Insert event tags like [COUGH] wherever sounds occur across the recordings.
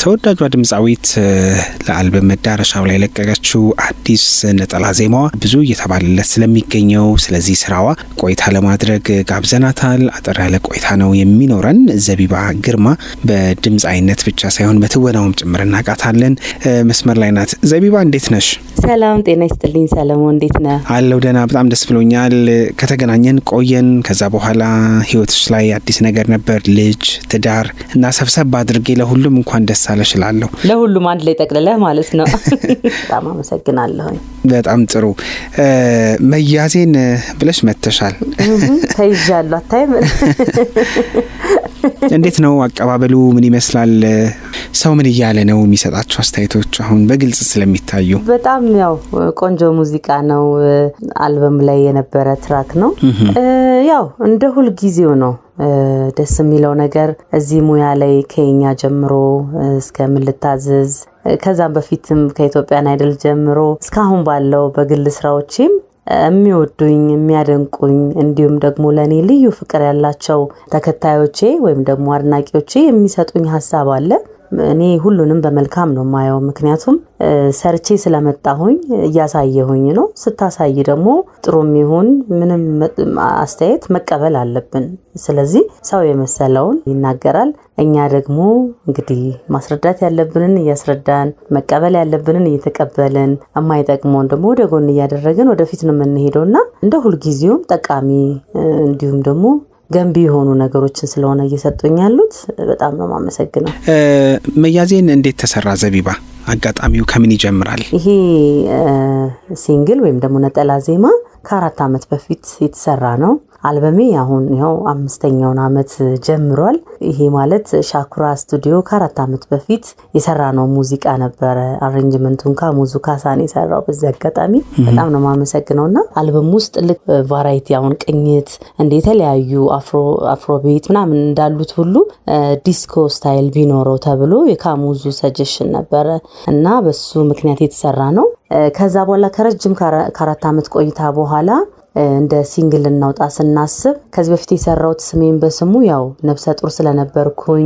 ተወዳጇ ድምፃዊት ለአልበም መዳረሻው ላይ ለቀቀችው አዲስ ነጠላ ዜማዋ ብዙ እየተባለለት ስለሚገኘው ስለዚህ ስራዋ ቆይታ ለማድረግ ጋብዘናታል። አጠር ያለ ቆይታ ነው የሚኖረን። ዘቢባ ግርማ በድምፃዊነት ብቻ ሳይሆን በትወናውም ጭምር እናቃታለን መስመር ላይ ናት። ዘቢባ እንዴት ነሽ? ሰላም ጤና ይስጥልኝ ሰለሞን፣ እንዴት ነ አለው ደህና፣ በጣም ደስ ብሎኛል። ከተገናኘን ቆየን። ከዛ በኋላ ህይወቶች ላይ አዲስ ነገር ነበር፣ ልጅ፣ ትዳር እና ሰብሰብ አድርጌ ለሁሉም እንኳን ደስ አለ እችላለሁ። ለሁሉም አንድ ላይ ጠቅልለህ ማለት ነው። [LAUGHS] በጣም አመሰግናለሁ። በጣም ጥሩ መያዜን ብለሽ መተሻል። [LAUGHS] ተይዣሉ አታይም? [LAUGHS] እንዴት ነው አቀባበሉ? ምን ይመስላል? ሰው ምን እያለ ነው የሚሰጣቸው አስተያየቶች? አሁን በግልጽ ስለሚታዩ በጣም ያው ቆንጆ ሙዚቃ ነው። አልበም ላይ የነበረ ትራክ ነው። ያው እንደ ሁል ጊዜው ነው ደስ የሚለው ነገር እዚህ ሙያ ላይ ከኛ ጀምሮ እስከምልታዘዝ ከዛም በፊትም ከኢትዮጵያን አይደል ጀምሮ እስካሁን ባለው በግል ስራዎቼም የሚወዱኝ የሚያደንቁኝ እንዲሁም ደግሞ ለእኔ ልዩ ፍቅር ያላቸው ተከታዮቼ ወይም ደግሞ አድናቂዎቼ የሚሰጡኝ ሀሳብ አለ። እኔ ሁሉንም በመልካም ነው የማየው። ምክንያቱም ሰርቼ ስለመጣሁኝ እያሳየሁኝ ነው። ስታሳይ ደግሞ ጥሩም ይሁን ምንም አስተያየት መቀበል አለብን። ስለዚህ ሰው የመሰለውን ይናገራል። እኛ ደግሞ እንግዲህ ማስረዳት ያለብንን እያስረዳን፣ መቀበል ያለብንን እየተቀበልን፣ የማይጠቅመውን ደግሞ ወደ ጎን እያደረግን ወደፊት ነው የምንሄደው እና እንደ ሁልጊዜውም ጠቃሚ እንዲሁም ደግሞ ገንቢ የሆኑ ነገሮችን ስለሆነ እየሰጡኝ ያሉት በጣም ነው ማመሰግነው። መያዜን እንዴት ተሰራ ዘቢባ? አጋጣሚው ከምን ይጀምራል? ይሄ ሲንግል ወይም ደግሞ ነጠላ ዜማ ከአራት ዓመት በፊት የተሰራ ነው። አልበሜ አሁን ያው አምስተኛውን ዓመት ጀምሯል። ይሄ ማለት ሻኩራ ስቱዲዮ ከአራት ዓመት በፊት የሰራ ነው ሙዚቃ ነበረ። አሬንጅመንቱን ከሙዙ ካሳን የሰራው በዚህ አጋጣሚ በጣም ነው የማመሰግነው እና አልበም ውስጥ ልክ ቫራይቲ አሁን ቅኝት እንደ የተለያዩ አፍሮቤት ምናምን እንዳሉት ሁሉ ዲስኮ ስታይል ቢኖረው ተብሎ የካሙዙ ሰጀሽን ነበረ እና በሱ ምክንያት የተሰራ ነው። ከዛ በኋላ ከረጅም ከአራት ዓመት ቆይታ በኋላ እንደ ሲንግል እናውጣ ስናስብ ከዚህ በፊት የሰራሁት ስሜን በስሙ ያው ነብሰ ጡር ስለነበርኩኝ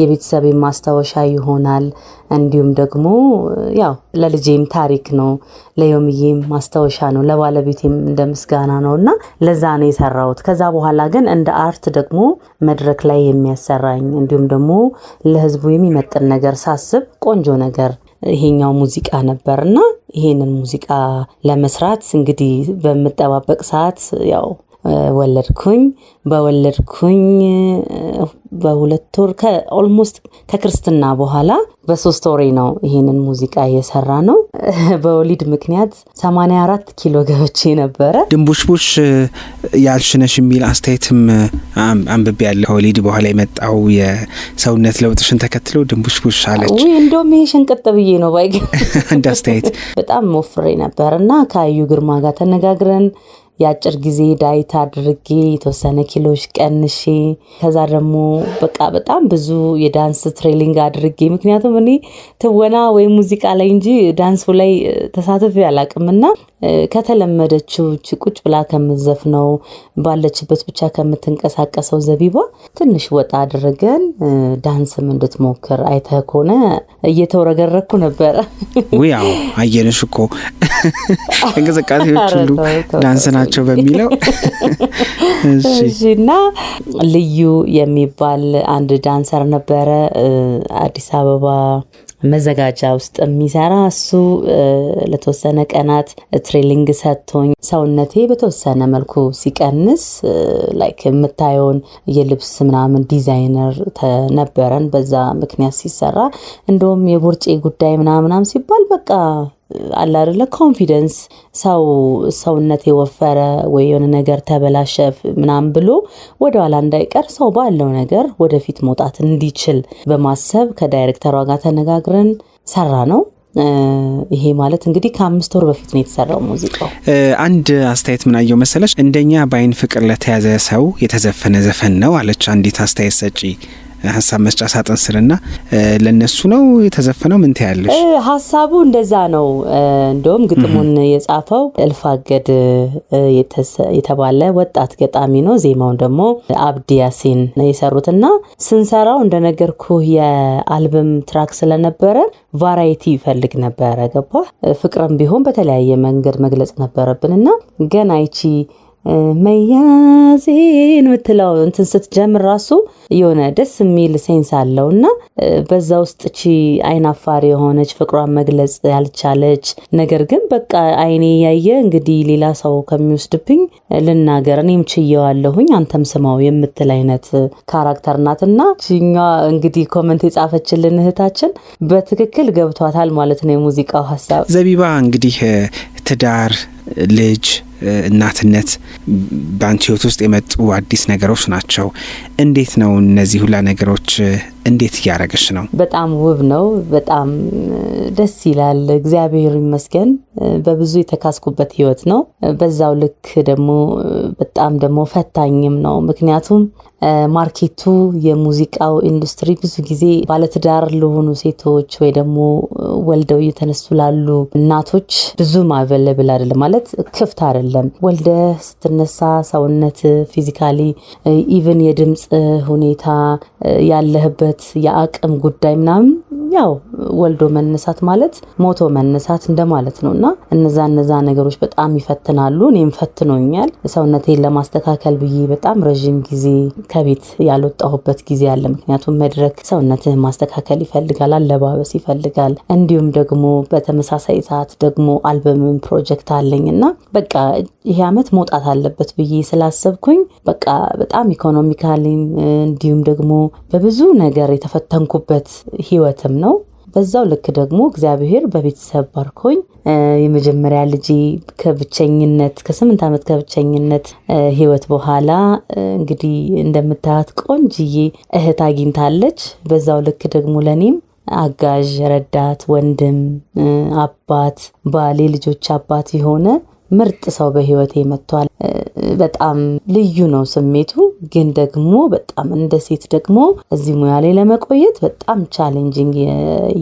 የቤተሰብ ማስታወሻ ይሆናል። እንዲሁም ደግሞ ያው ለልጄም ታሪክ ነው፣ ለዮምዬም ማስታወሻ ነው፣ ለባለቤቴም እንደ ምስጋና ነው እና ለዛ ነው የሰራሁት። ከዛ በኋላ ግን እንደ አርት ደግሞ መድረክ ላይ የሚያሰራኝ እንዲሁም ደግሞ ለህዝቡ የሚመጥን ነገር ሳስብ ቆንጆ ነገር ይሄኛው ሙዚቃ ነበር እና ይሄንን ሙዚቃ ለመስራት እንግዲህ በምጠባበቅ ሰዓት ያው ወለድኩኝ። በወለድኩኝ በሁለት ወር ኦልሞስት ከክርስትና በኋላ በሶስት ወሬ ነው ይህንን ሙዚቃ እየሰራ ነው። [LAUGHS] በወሊድ ምክንያት 84 ኪሎ ገብቼ ነበረ። ድንቡሽቡሽ ያልሽነሽ የሚል አስተያየትም አንብቤ ያለ ከወሊድ በኋላ የመጣው የሰውነት ለውጥሽን ተከትሎ ድንቡሽቡሽ አለች። እንደውም ይሄ ሽንቅጥ ብዬ ነው ባይ አንድ [LAUGHS] አስተያየት [LAUGHS] በጣም ሞፍሬ ነበር እና ከአዩ ግርማ ጋር ተነጋግረን የአጭር ጊዜ ዳይት አድርጌ የተወሰነ ኪሎች ቀንሼ ከዛ ደግሞ በቃ በጣም ብዙ የዳንስ ትሬሊንግ አድርጌ ምክንያቱም እኔ ትወና ወይም ሙዚቃ ላይ እንጂ ዳንሱ ላይ ተሳትፌ አላቅምና ከተለመደችው ቁጭ ብላ ከምዘፍነው ባለችበት ብቻ ከምትንቀሳቀሰው ዘቢባ ትንሽ ወጣ አድርገን ዳንስም እንድትሞክር አይተህ ከሆነ እየተውረገረኩ ነበረ። ውይ አየንሽ እኮ እንቅስቃሴዎች ሁሉ ዳንስ ናቸው በሚለው [LAUGHS] እና ልዩ የሚባል አንድ ዳንሰር ነበረ አዲስ አበባ መዘጋጃ ውስጥ የሚሰራ እሱ ለተወሰነ ቀናት ትሬሊንግ ሰጥቶኝ ሰውነቴ በተወሰነ መልኩ ሲቀንስ ላይክ የምታየውን የልብስ ምናምን ዲዛይነር ነበረን። በዛ ምክንያት ሲሰራ እንደውም የቦርጬ ጉዳይ ምናምናም ሲባል በቃ አለ አይደለ ኮንፊደንስ ሰው ሰውነት የወፈረ ወይ የሆነ ነገር ተበላሸ ምናምን ብሎ ወደኋላ እንዳይቀር ሰው ባለው ነገር ወደፊት መውጣት እንዲችል በማሰብ ከዳይሬክተሯ ጋር ተነጋግረን ሰራ ነው። ይሄ ማለት እንግዲህ ከአምስት ወር በፊት ነው የተሰራው ሙዚቃው። አንድ አስተያየት ምናየው መሰለች እንደኛ በአይን ፍቅር ለተያዘ ሰው የተዘፈነ ዘፈን ነው አለች አንዲት አስተያየት ሰጪ። ሀሳብ መስጫ ሳጥን ስርና ለእነሱ ነው የተዘፈነው። ምን ትያለሽ? ሀሳቡ እንደዛ ነው። እንደውም ግጥሙን የጻፈው እልፋገድ የተባለ ወጣት ገጣሚ ነው። ዜማውን ደግሞ አብዲ ያሲን የሰሩትና ስንሰራው እንደነገርኩ የአልበም ትራክ ስለነበረ ቫራይቲ ይፈልግ ነበረ ገባ ፍቅርም ቢሆን በተለያየ መንገድ መግለጽ ነበረብን እና ገና ይቺ መያዜን ምትለው እንትን ስትጀምር ራሱ የሆነ ደስ የሚል ሴንስ አለው እና በዛ ውስጥ እቺ አይን የሆነች ፍቅሯን መግለጽ ያልቻለች ነገር ግን በቃ አይኔ እያየ እንግዲህ ሌላ ሰው ከሚወስድብኝ ልናገር እኔም ችየዋለሁኝ አንተም ስማው የምትል አይነት ካራክተር ናት እና ችኛ እንግዲህ ኮመንት የጻፈችልን እህታችን በትክክል ገብቷታል ማለት ነው የሙዚቃው ሀሳብ። ዘቢባ እንግዲህ ትዳር ልጅ እናትነት በአንቺ ህይወት ውስጥ የመጡ አዲስ ነገሮች ናቸው። እንዴት ነው እነዚህ ሁላ ነገሮች እንዴት እያደረገች ነው? በጣም ውብ ነው። በጣም ደስ ይላል። እግዚአብሔር ይመስገን። በብዙ የተካስኩበት ህይወት ነው። በዛው ልክ ደግሞ በጣም ደግሞ ፈታኝም ነው። ምክንያቱም ማርኬቱ የሙዚቃው ኢንዱስትሪ ብዙ ጊዜ ባለትዳር ለሆኑ ሴቶች ወይ ደግሞ ወልደው እየተነሱ ላሉ እናቶች ብዙም አቬለብል አይደለም፣ ማለት ክፍት አይደለም አይደለም። ወልደ ስትነሳ ሰውነት ፊዚካሊ ኢቭን የድምፅ ሁኔታ ያለህበት የአቅም ጉዳይ ምናምን ያው ወልዶ መነሳት ማለት ሞቶ መነሳት እንደማለት ነው እና እነዛ እነዛ ነገሮች በጣም ይፈትናሉ። እኔም ፈትኖኛል። ሰውነቴን ለማስተካከል ብዬ በጣም ረዥም ጊዜ ከቤት ያልወጣሁበት ጊዜ አለ። ምክንያቱም መድረክ ሰውነትህን ማስተካከል ይፈልጋል፣ አለባበስ ይፈልጋል። እንዲሁም ደግሞ በተመሳሳይ ሰዓት ደግሞ አልበምን ፕሮጀክት አለኝ እና በቃ ይህ ዓመት መውጣት አለበት ብዬ ስላሰብኩኝ በቃ በጣም ኢኮኖሚካሊም እንዲሁም ደግሞ በብዙ ነገር የተፈተንኩበት ህይወትም ነው። በዛው ልክ ደግሞ እግዚአብሔር በቤተሰብ ባርኮኝ የመጀመሪያ ልጅ ከብቸኝነት ከስምንት ዓመት ከብቸኝነት ህይወት በኋላ እንግዲህ እንደምታያት ቆንጅዬ እህት አግኝታለች። በዛው ልክ ደግሞ ለእኔም አጋዥ፣ ረዳት፣ ወንድም፣ አባት፣ ባሌ ልጆች አባት የሆነ ምርጥ ሰው በህይወቴ መጥቷል። በጣም ልዩ ነው ስሜቱ። ግን ደግሞ በጣም እንደ ሴት ደግሞ እዚህ ሙያ ላይ ለመቆየት በጣም ቻሌንጂንግ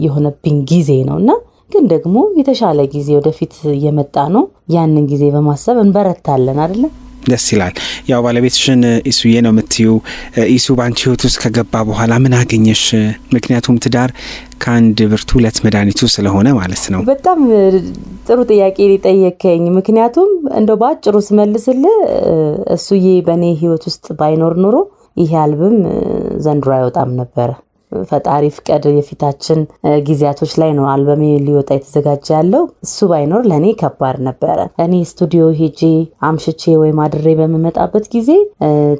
የሆነብኝ ጊዜ ነው እና ግን ደግሞ የተሻለ ጊዜ ወደፊት እየመጣ ነው። ያንን ጊዜ በማሰብ እንበረታለን አይደለም። ደስ ይላል። ያው ባለቤትሽን ኢሱዬ ነው የምትዩ። ኢሱ በአንቺ ህይወት ውስጥ ከገባ በኋላ ምን አገኘሽ? ምክንያቱም ትዳር ከአንድ ብርቱ ሁለት መድኃኒቱ ስለሆነ ማለት ነው። በጣም ጥሩ ጥያቄ ሊጠየከኝ። ምክንያቱም እንደው በአጭሩ ስመልስል እሱዬ በእኔ ህይወት ውስጥ ባይኖር ኑሮ ይሄ አልብም ዘንድሮ አይወጣም ነበረ። ፈጣሪ ፍቀድ የፊታችን ጊዜያቶች ላይ ነው አልበሜ ሊወጣ የተዘጋጀ ያለው። እሱ ባይኖር ለእኔ ከባድ ነበረ። እኔ ስቱዲዮ ሄጄ አምሽቼ ወይም አድሬ በምመጣበት ጊዜ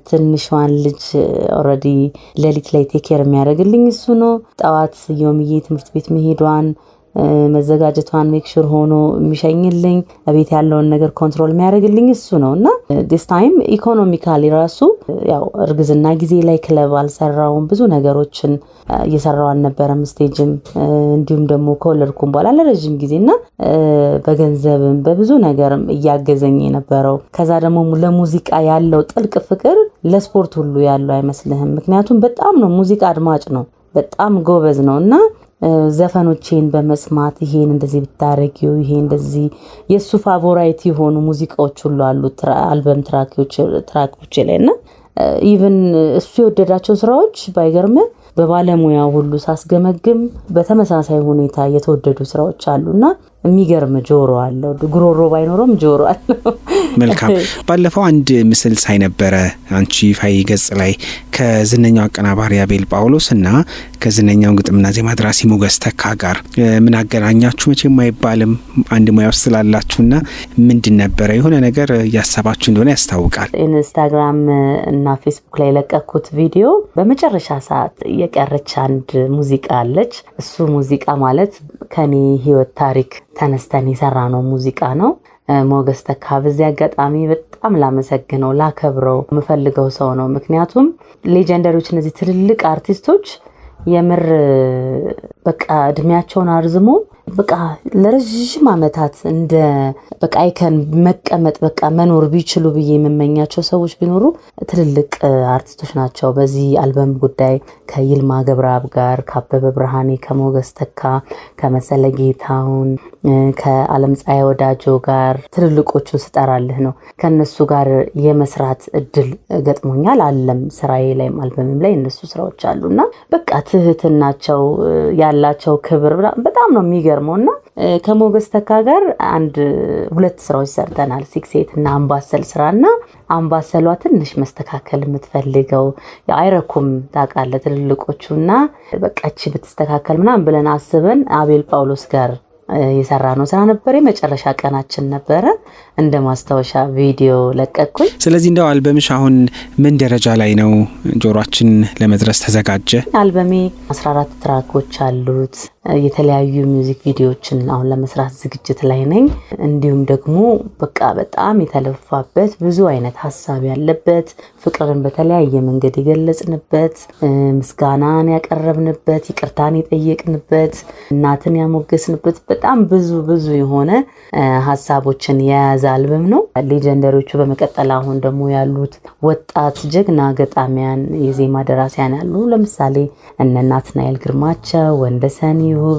ትንሿን ልጅ ኦልሬዲ ሌሊት ላይ ቴኬር የሚያደርግልኝ እሱ ነው። ጠዋት የምዬ ትምህርት ቤት መሄዷን መዘጋጀቷን ሜክሹር ሆኖ የሚሸኝልኝ ቤት ያለውን ነገር ኮንትሮል የሚያደርግልኝ እሱ ነው እና ዲስ ታይም ኢኮኖሚካሊ ራሱ ያው እርግዝና ጊዜ ላይ ክለብ አልሰራውም። ብዙ ነገሮችን እየሰራው አልነበረም። ስቴጅም እንዲሁም ደግሞ ከወለድኩም በኋላ ለረዥም ጊዜ እና በገንዘብም በብዙ ነገርም እያገዘኝ የነበረው ከዛ ደግሞ ለሙዚቃ ያለው ጥልቅ ፍቅር ለስፖርት ሁሉ ያለው አይመስልህም። ምክንያቱም በጣም ነው ሙዚቃ አድማጭ ነው፣ በጣም ጎበዝ ነው እና ዘፈኖቼን በመስማት ይሄን እንደዚህ ብታረጊው ይሄ እንደዚህ የእሱ ፋቮራይት የሆኑ ሙዚቃዎች ሁሉ አሉ አልበም ትራኮች ላይ እና ኢቨን እሱ የወደዳቸው ስራዎች ባይገርም በባለሙያ ሁሉ ሳስገመግም በተመሳሳይ ሁኔታ የተወደዱ ስራዎች አሉና የሚገርም ጆሮ አለው። ጉሮሮ ባይኖረውም ጆሮ አለው። መልካም። ባለፈው አንድ ምስል ሳይነበረ አንቺ ፋይ ገጽ ላይ ከዝነኛው አቀናባሪ አቤል ጳውሎስ እና ከዝነኛው ግጥምና ዜማ ድራሲ ሞገስ ተካ ጋር ምን አገናኛችሁ? መቼም አይባልም አንድ ሙያ ውስጥ ስላላችሁና ምንድን ነበረ የሆነ ነገር እያሰባችሁ እንደሆነ ያስታውቃል። ኢንስታግራም እና ፌስቡክ ላይ የለቀኩት ቪዲዮ በመጨረሻ ሰዓት የቀረች አንድ ሙዚቃ አለች። እሱ ሙዚቃ ማለት ከኔ ህይወት ታሪክ ተነስተን የሰራ ነው ሙዚቃ ነው። ሞገስ ተካ በዚህ አጋጣሚ በጣም ላመሰግነው ላከብረው የምፈልገው ሰው ነው። ምክንያቱም ሌጀንደሪዎች፣ እነዚህ ትልልቅ አርቲስቶች የምር በቃ እድሜያቸውን አርዝሞ በቃ ለረዥም ዓመታት እንደ በቃ አይከን መቀመጥ በቃ መኖር ቢችሉ ብዬ የምመኛቸው ሰዎች ቢኖሩ ትልልቅ አርቲስቶች ናቸው። በዚህ አልበም ጉዳይ ከይልማ ገብረአብ ጋር፣ ከአበበ ብርሃኔ፣ ከሞገስ ተካ፣ ከመሰለ ጌታሁን፣ ከአለም ፀሐይ ወዳጆ ጋር ትልልቆቹ ስጠራልህ ነው። ከእነሱ ጋር የመስራት እድል ገጥሞኛል። አለም ስራዬ ላይም አልበምም ላይ እነሱ ስራዎች አሉ እና በቃ ትህትናቸው ያላቸው ክብር በጣም ነው የሚገ የሚገርመው እና ከሞገስ ተካ ጋር አንድ ሁለት ስራዎች ሰርተናል። ሲክሴት እና አምባሰል ስራ እና አምባሰሏ ትንሽ መስተካከል የምትፈልገው አይረኩም ታውቃለህ፣ ትልልቆቹ እና በቃች ብትስተካከል ምናምን ብለን አስበን አቤል ጳውሎስ ጋር የሰራ ነው ስራ ነበር። የመጨረሻ ቀናችን ነበረ። እንደ ማስታወሻ ቪዲዮ ለቀኩኝ። ስለዚህ እንደው አልበምሽ አሁን ምን ደረጃ ላይ ነው? ጆሯችን ለመድረስ ተዘጋጀ? አልበሜ 14 ትራኮች አሉት። የተለያዩ ሚውዚክ ቪዲዮዎችን አሁን ለመስራት ዝግጅት ላይ ነኝ። እንዲሁም ደግሞ በቃ በጣም የተለፋበት ብዙ አይነት ሀሳብ ያለበት ፍቅርን በተለያየ መንገድ የገለጽንበት፣ ምስጋናን ያቀረብንበት፣ ይቅርታን የጠየቅንበት፣ እናትን ያሞገስንበት በጣም ብዙ ብዙ የሆነ ሀሳቦችን የያዘ የያዘ አልበም ነው። ሌጀንደሪዎቹ በመቀጠል አሁን ደግሞ ያሉት ወጣት ጀግና ገጣሚያን የዜማ ደራሲያን ያሉ ለምሳሌ እነ ናትናኤል ግርማቸው፣ ወንደሰን ይሁብ፣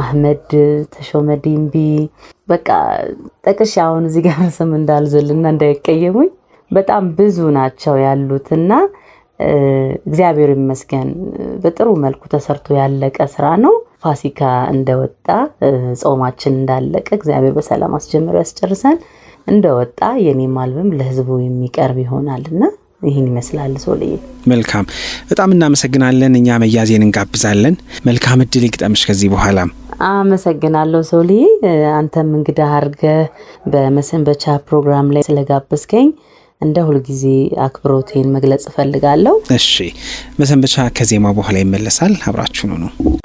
አህመድ ተሾመ ዲምቢ በቃ ጠቅሽ አሁን እዚህ ጋር ስም እንዳልዘልና እንዳይቀየሙኝ በጣም ብዙ ናቸው እና እግዚአብሔር ይመስገን በጥሩ መልኩ ተሰርቶ ያለቀ ስራ ነው። ፋሲካ እንደወጣ ጾማችን እንዳለቀ እግዚአብሔር በሰላም አስጀምሮ ያስጨርሰን። እንደወጣ የኔም አልበም ለህዝቡ የሚቀርብ ይሆናል እና ይህን ይመስላል። ሰው ሶልዬ መልካም፣ በጣም እናመሰግናለን። እኛ መያዜን እንጋብዛለን። መልካም እድል ይግጠምሽ ከዚህ በኋላ። አመሰግናለሁ ሶልዬ፣ አንተም እንግዳ አድርገ በመሰንበቻ ፕሮግራም ላይ ስለጋበዝከኝ እንደ ሁልጊዜ አክብሮቴን መግለጽ እፈልጋለሁ። እሺ፣ መሰንበቻ ከዜማ በኋላ ይመለሳል። አብራችሁኑ ነው